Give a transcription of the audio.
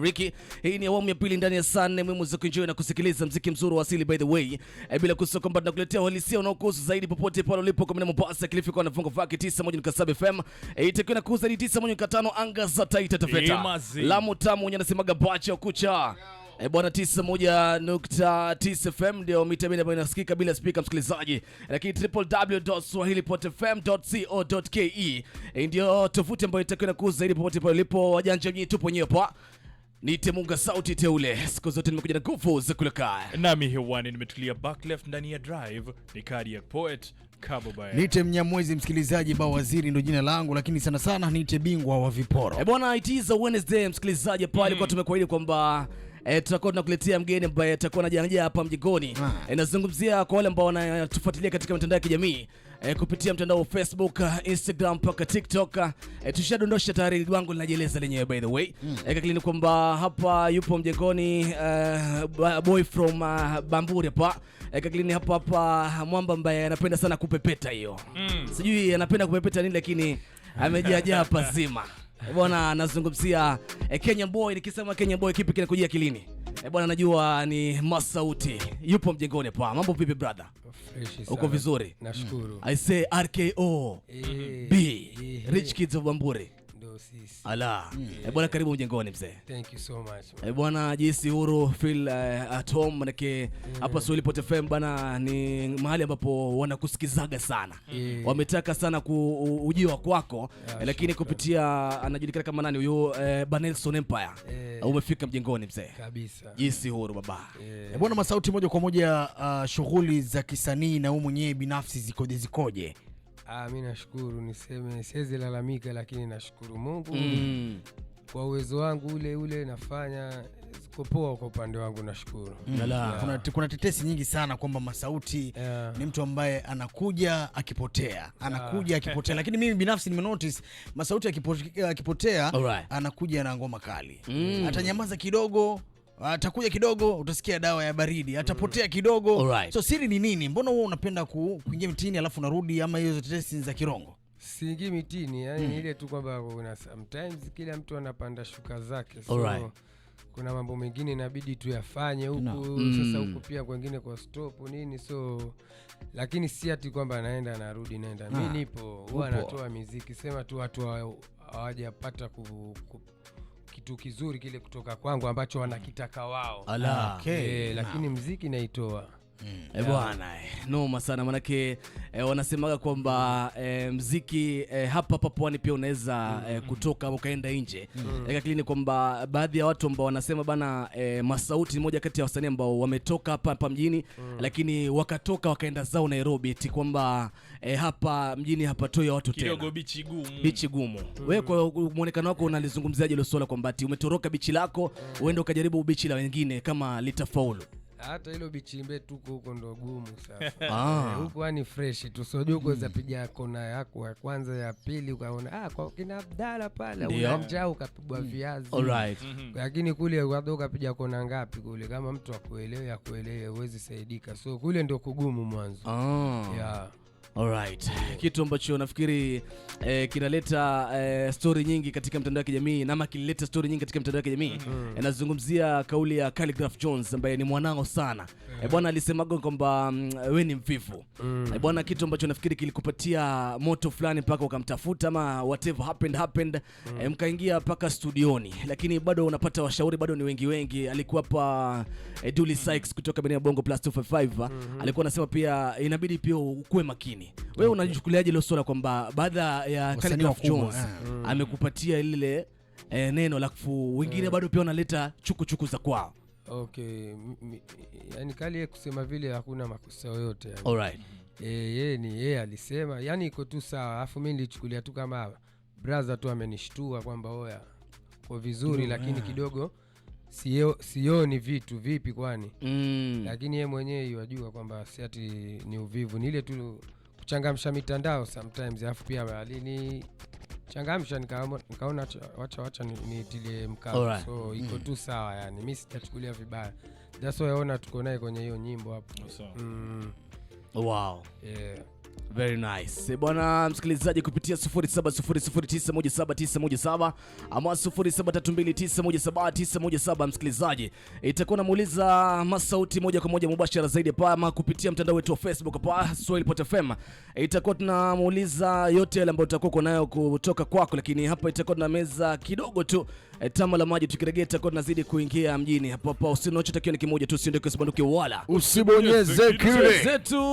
Riki, hii ni awamu ya pili ndani ya saa nne muhimu za kuenjoy na kusikiliza mziki mzuri wa asili by the way. E, bila kusahau kwamba tunakuletea uhalisia unaokuhusu zaidi popote pale ulipo kwa Mombasa, Kilifi kwa nafunga vaki 91.7 FM. E, itakuwa inakuza ni 91.5 anga za Taita Taveta. Lamu tamu yanasemaga bacha kucha. E, eh, bwana 91.9 FM ndio mita mimi ambayo inasikika bila speaker msikilizaji, lakini www.swahilipotfm.co.ke eh, ndio tovuti ambayo itakuwa inakuza zaidi popote pale ulipo. Wajanja wenyewe tupo nyewe hapa ni Munga sauti teule, siku zote nimekuja na nguvu za kuleka Nami hewani nimetulia back left ndani ya drive ni kadi ya poet Niite Mnyamwezi msikilizaji, ba waziri ndo jina langu, lakini sana sana niite bingwa wa viporo. E bwana, it is a Wednesday msikilizaji pale mm. kwa tumekuahidi kwamba E, tutakuwa tunakuletea mgeni ambaye atakuwa anajangia hapa mjigoni. Inazungumzia ah. eh, e, kwa wale ambao wanatufuatilia katika mitandao ya kijamii e, kupitia mtandao wa Facebook, eh, Instagram mpaka TikTok. E, tushadondosha tayari wangu linajieleza lenyewe by the way. Mm. E, kwamba hapa yupo mjengoni uh, boy from uh, Bamburi hapa. E, kaklini hapa hapa mwamba ambaye anapenda sana kupepeta hiyo. Mm. Sijui anapenda kupepeta nini lakini amejiajaa hapa zima. Bwana anazungumzia eh, Kenya boy. Nikisema Kenya boy, kipi kinakujia kilini? Eh, bwana najua ni Masauti yupo mjengoni pa. Mambo vipi brother? Fresh uko vizuri? Nashukuru. I say RKO. Hey. B. Eh, eh, eh. Rich Kids of Bamburi sisi. Ala. Yeah. Mm. Bwana karibu mjengoni mzee. Thank you so much. Eh, bwana jisi huru feel uh, at home manake mm. hapa yeah. Swahilipot FM bana ni mahali ambapo wanakusikizaga sana. Mm. Yeah. Wametaka sana kuujiwa kwako yeah, eh, lakini kupitia anajulikana kama nani huyo Banelson Empire. Yeah. Umefika mjengoni mzee. Kabisa. Jisi huru baba. Yeah. Bwana Masauti moja kwa moja uh, shughuli za kisanii na wewe mwenyewe binafsi zikoje zikoje? Ah, mi nashukuru, niseme siwezi lalamika, lakini nashukuru Mungu mm. kwa uwezo wangu ule ule nafanya kopoa kwa upande wangu nashukuru. Mm. Yeah. Kuna, kuna tetesi nyingi sana kwamba Masauti yeah. ni mtu ambaye anakuja akipotea anakuja yeah. akipotea lakini mimi binafsi nimenotice Masauti akipotea, akipotea anakuja na ngoma kali mm. atanyamaza kidogo atakuja kidogo, utasikia dawa ya baridi, mm. atapotea kidogo. Alright. So siri ni nini? Mbona wewe unapenda kuingia mitini alafu unarudi, ama hizo tetesi za kirongo? Siingii mitini, yani mm. ile tu kwamba una sometimes kila mtu anapanda shuka zake so, Alright. kuna mambo mengine inabidi tuyafanye huku no. mm. Sasa huku mm. pia kwengine kwa stop nini, so lakini si ati kwamba naenda narudi naenda, mi ah. nipo huwa natoa miziki, sema tu watu hawajapata ku, ku kitu kizuri kile kutoka kwangu ambacho wanakitaka wao. Eh, okay. E, lakini mziki naitoa Mm, eh, bwana yeah. noma sana manake eh, wanasemaga kwamba eh, mziki eh, hapa hapa pwani pia unaweza eh, mm. kutoka ukaenda nje mm. Eh, lakini kwamba baadhi ya watu ambao wanasema bana eh, Masauti moja kati ya wasanii ambao wametoka hapa hapa mjini mm. Lakini wakatoka wakaenda zao Nairobi eti kwamba eh, hapa mjini hapatoi watu tena, kidogo bichi gumu, bichi gumu mm. Wewe kwa muonekano wako unalizungumziaje ile swala kwamba ati umetoroka bichi lako mm. uende ukajaribu bichi la wengine kama litafaulu? hata hilo bichimbe tuko huko ndo gumu sasa ah. Eh, huko yani fresh tusojua kuweza piga kona yako ya kwanza ya pili ukaona ah, kwa kina Abdala pale unamjaa ukapigwa mm. viazi alright mm-hmm. lakini kule ukapiga kona ngapi kule kama mtu akuelewe akuelewe huwezi saidika so kule ndo kugumu mwanzo ah. yeah Alright. Kitu ambacho nafikiri eh, kinaleta eh, story nyingi katika mtandao wa kijamii na ama kilileta story nyingi katika mtandao wa kijamii mm -hmm. Nazungumzia kauli ya Khaligraph Jones ambaye ni mwanao sana mm -hmm. Bwana alisemaga kwamba um, we ni mvivu mm -hmm. Bwana, kitu ambacho nafikiri kilikupatia moto fulani mpaka ukamtafuta ama whatever happened happened mm -hmm. Mkaingia mpaka studioni, lakini bado unapata washauri bado ni wengi wengi. Alikuwa hapa eh, Dully mm. Sykes kutoka Bongo Plus 255 mm -hmm. Alikuwa anasema pia inabidi pia ukuwe makini gani? Wewe unajichukuliaje hilo swala kwamba baada ya Caleb yeah. Mm. amekupatia lile e, neno lafu wengine mm. bado pia wanaleta chukuchuku za kwao? Okay, yani kali yeye kusema vile hakuna makosa yoyote yani. right. Eh, yeye ni yeye alisema yani iko tu sawa, alafu mimi nilichukulia tu kama brother tu amenishtua kwamba oya kwa vizuri mm, lakini yeah. kidogo sioni siyo vitu vipi kwani mm. lakini yeye mwenyewe yajua kwamba siati ni uvivu, ni ile tu kuchangamsha mitandao sometimes, alafu pia alini changamsha nikaona wacha wacha nitilie mkao right. So mm-hmm. iko tu sawa, yani mi sitachukulia vibaya, jasoaona ona tuko naye kwenye hiyo nyimbo hapo. Mm. Wow. Yeah. Very nice. Eh, bwana msikilizaji kupitia 0700901717 ama 0732917917 msikilizaji, itakuwa namuuliza masauti moja kwa moja mubashara zaidi pa ama kupitia mtandao wetu wa Facebook pa swahili pot FM. Itakuwa tunamuuliza yote yale ambayo utakuwa nayo kutoka kwako, lakini hapa itakuwa na meza kidogo tu eh, tama la maji, tukiregea itakuwa tunazidi kuingia mjini hapo hapa. Usinachotakiwa ni kimoja tu, usiondoke usibanduke, wala usibonyeze kile zetu.